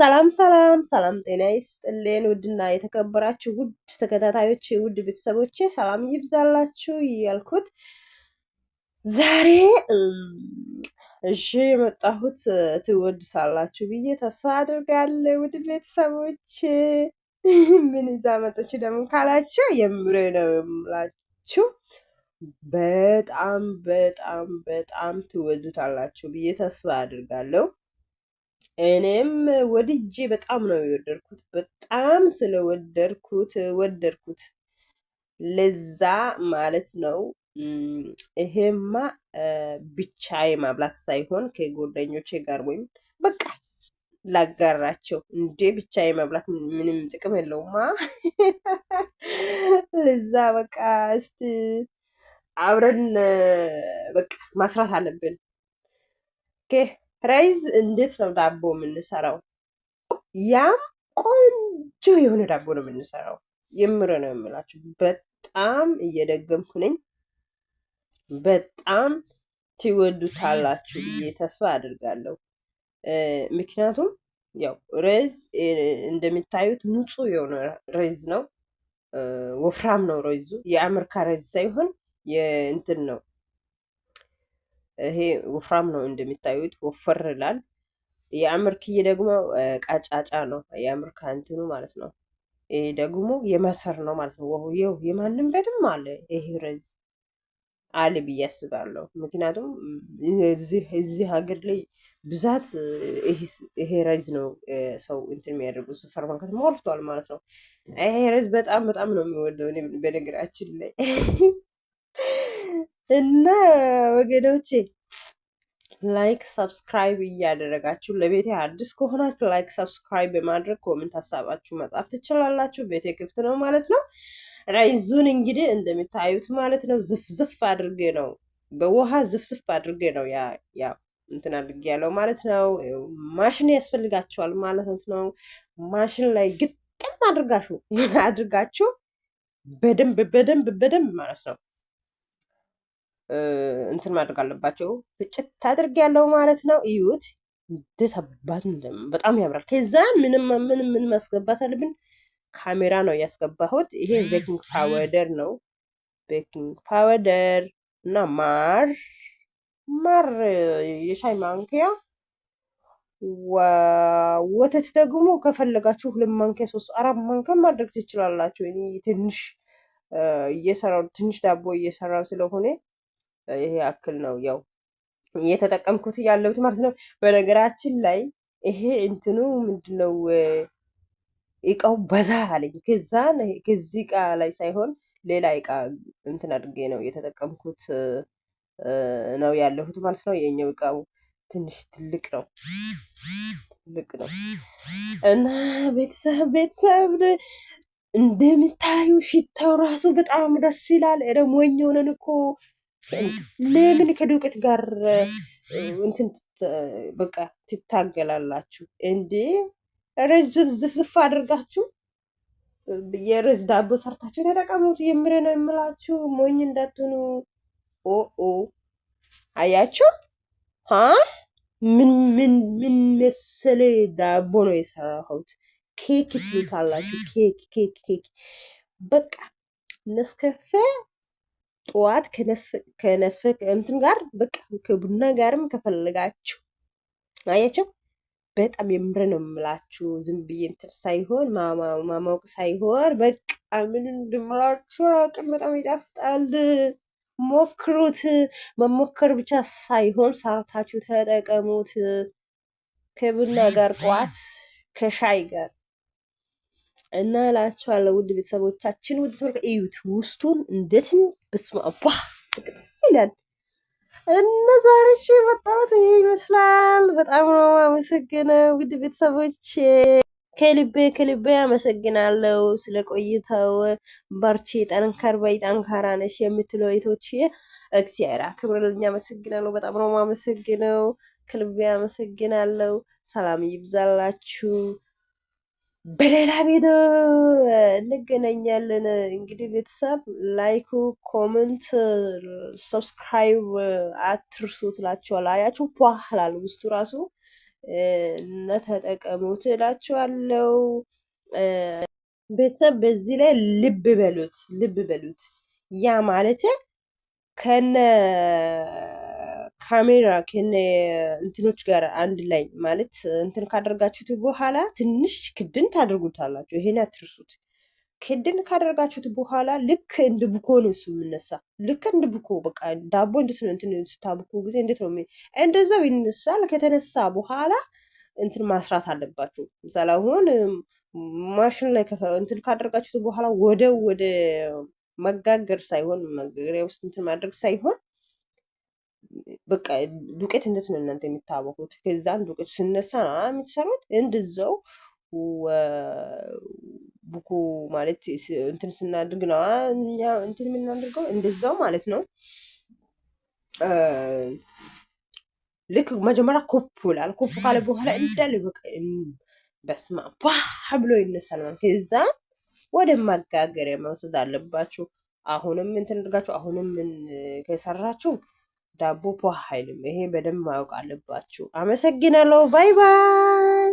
ሰላም ሰላም ሰላም፣ ጤና ይስጥልን ውድና የተከበራችሁ ውድ ተከታታዮች፣ ውድ ቤተሰቦቼ ሰላም ይብዛላችሁ ያልኩት ዛሬ እሺ የመጣሁት ትወዱታላችሁ ብዬ ተስፋ አድርጋለሁ። ውድ ቤተሰቦች ምን ይዛ መጠች ደግሞ ካላችሁ የምሬ ነው የምላችሁ በጣም በጣም በጣም ትወዱታላችሁ ብዬ ተስፋ አድርጋለሁ። እኔም ወድጄ በጣም ነው የወደድኩት። በጣም ስለወደድኩት ወደድኩት ለዛ ማለት ነው። ይሄማ ብቻዬ ማብላት ሳይሆን ከጓደኞቼ ጋር ወይም በቃ ላጋራቸው እንዴ ብቻዬ መብላት ምንም ጥቅም የለውማ። ለዛ በቃ እስቲ አብረን በቃ ማስራት አለብን። ኦኬ ራይዝ እንዴት ነው ዳቦ የምንሰራው? ያም ቆንጆ የሆነ ዳቦ ነው የምንሰራው። የምር ነው የምላችሁ። በጣም እየደገምኩ ነኝ። በጣም ትወዱታላችሁ ብዬ ተስፋ አድርጋለሁ። ምክንያቱም ያው ሬዝ እንደሚታዩት ንጹህ የሆነ ሬዝ ነው። ወፍራም ነው ሬዙ። የአሜሪካ ሬዝ ሳይሆን የእንትን ነው ይሄ ወፍራም ነው እንደሚታዩት ወፈር ይላል። የአምር ክዬ ደግሞ ቀጫጫ ነው። የአምር ከእንትኑ ማለት ነው። ይሄ ደግሞ የመሰር ነው ማለት ነው። ወውየው የማንም ቤትም አለ ይሄ ረዝ አለ ብዬ አስባለሁ። ምክንያቱም እዚህ ሀገር ላይ ብዛት ይሄ ረዝ ነው ሰው እንትን የሚያደርጉ ሱፐር ማርኬት ሞልቷል ማለት ነው። ይሄ ረዝ በጣም በጣም ነው የሚወደው በነገራችን ላይ እና ወገኖቼ ላይክ ሰብስክራይብ እያደረጋችሁ ለቤቴ አዲስ ከሆናችሁ ላይክ ሰብስክራይብ በማድረግ ኮሜንት ሀሳባችሁ መጻፍ ትችላላችሁ። ቤቴ ክፍት ነው ማለት ነው። ራይዙን እንግዲህ እንደሚታዩት ማለት ነው ዝፍዝፍ አድርጌ ነው በውሃ ዝፍዝፍ አድርጌ ነው ያ ያ እንትን አድርጌ ያለው ማለት ነው። ማሽን ያስፈልጋችኋል ማለት ነው። ማሽን ላይ ግጥም አድርጋችሁ አድርጋችሁ በደንብ በደንብ በደንብ ማለት ነው እንትን ማድረግ አለባቸው። ፍጭት ታድርግ ያለው ማለት ነው። እዩት፣ እንዴት አባት በጣም ያምራል። ከዛ ምንም ምን ምን ማስገባት አለብን? ካሜራ ነው ያስገባሁት። ይሄ ቤኪንግ ፓወደር ነው። ቤኪንግ ፓወደር እና ማር ማር የሻይ ማንኪያ ወተት ደግሞ ከፈለጋችሁ ሁለት ማንኪያ ሶስት አራት ማንኪያ ማድረግ ትችላላችሁ። ትንሽ እየሰራው ትንሽ ዳቦ እየሰራው ስለሆነ ይሄ ያክል ነው ያው እየተጠቀምኩት ያለሁት ማለት ነው። በነገራችን ላይ ይሄ እንትኑ ምንድነው እቃው በዛ አለኝ። ከዛን ከዚህ እቃ ላይ ሳይሆን ሌላ እቃ እንትን አድርጌ ነው እየተጠቀምኩት ነው ያለሁት ማለት ነው። የኛው እቃው ትንሽ ትልቅ ነው ትልቅ ነው እና ቤተሰብ ቤተሰብ እንደምታዩ ሽታው ራሱ በጣም ደስ ይላል። ደግሞ ወኝ ሆነን እኮ ለምን ከዱቄት ጋር እንትን በቃ ትታገላላችሁ እንዴ? ሬዝ ዝፍዝፍ አድርጋችሁ የረዝ ዳቦ ሰርታችሁ ተጠቀሙት። የምር ነው የምላችሁ፣ ሞኝ እንዳትሆኑ። ኦኦ አያችሁ፣ ምን ምን ምን መሰለ ዳቦ ነው የሰራሁት። ኬክ ትሉታላችሁ። ኬክ ኬክ ኬክ በቃ ነስከፌ ጠዋት ከነስፈ እንትን ጋር በቃ ከቡና ጋርም ከፈለጋችሁ አያቸው በጣም የምር ነው የምላችሁ። ዝም ብዬ እንትን ሳይሆን ማማወቅ ሳይሆን በቃ ምን እንድምላችሁ አቅም በጣም ይጣፍጣል። ሞክሩት። መሞከር ብቻ ሳይሆን ሳርታችሁ ተጠቀሙት። ከቡና ጋር ጠዋት ከሻይ ጋር እና እላችኋለሁ ውድ ቤተሰቦቻችን ውድ ተወርቀ እዩት ውስጡን እንዴትን ብስማ አባ ደስ ይላል። እና ዛሬ እሺ መጣሁት ይሄ ይመስላል። በጣም ነው አመሰግነው ውድ ቤተሰቦች ከልቤ ከልቤ አመሰግናለሁ ስለ ቆይተው። ባርቺ ጠንካር በይ ጠንካራ ነሽ የምትለው እህቶቼ እግዚአብሔር አክብርልኝ። አመሰግናለሁ። በጣም ነው አመሰግነው። ከልቤ አመሰግናለሁ። ሰላም ይብዛላችሁ። በሌላ ቪዲዮ እንገናኛለን። እንግዲህ ቤተሰብ ላይክ፣ ኮመንት፣ ሰብስክራይብ አትርሱ እላችኋለሁ። አያችሁ ፖህላል ውስጡ ራሱ እነተጠቀሙ እላችኋለሁ ቤተሰብ። በዚህ ላይ ልብ በሉት ልብ በሉት ያ ማለት ከነ ካሜራ ከነ እንትኖች ጋር አንድ ላይ ማለት እንትን ካደርጋችሁት በኋላ ትንሽ ክድን ታደርጉታላችሁ። ይሄን አትርሱት። ክድን ካደርጋችሁት በኋላ ልክ እንደ ብኮ ነው እሱ የምነሳ። ልክ እንደ ብኮ በቃ ዳቦ እንዴት ነው እንትን ስታብኮ ጊዜ እንዴት ነው እንደዛው ይነሳል። ከተነሳ በኋላ እንትን ማስራት አለባችሁ። ምሳሌ አሁን ማሽን ላይ እንትን ካደርጋችሁት በኋላ ወደ ወደ መጋገር ሳይሆን መጋገሪያ ውስጥ እንትን ማድረግ ሳይሆን በቃ ዱቄት እንዴት ነው እናንተ የሚታወቁት ከዛን ዱቄቱ ስነሳ ነው የምትሰሩት። እንድዘው ቡኩ ማለት እንትን ስናድርግ ነው እንትን የምናደርገው እንድዘው ማለት ነው። ልክ መጀመሪያ ኮፕ ይላል። ኮፕ ካለ በኋላ እንዳለ በቃ በስማ ባህ ብሎ ይነሳል ማለት ከዛ ወደ መጋገሪያ መውሰድ አለባችሁ። አሁንም እንትን አድርጋችሁ አሁንም ከሰራችሁ ዳቦ ፖ አይልም። ይሄ በደንብ ማወቅ አለባችሁ። አመሰግናለሁ። ባይ ባይ።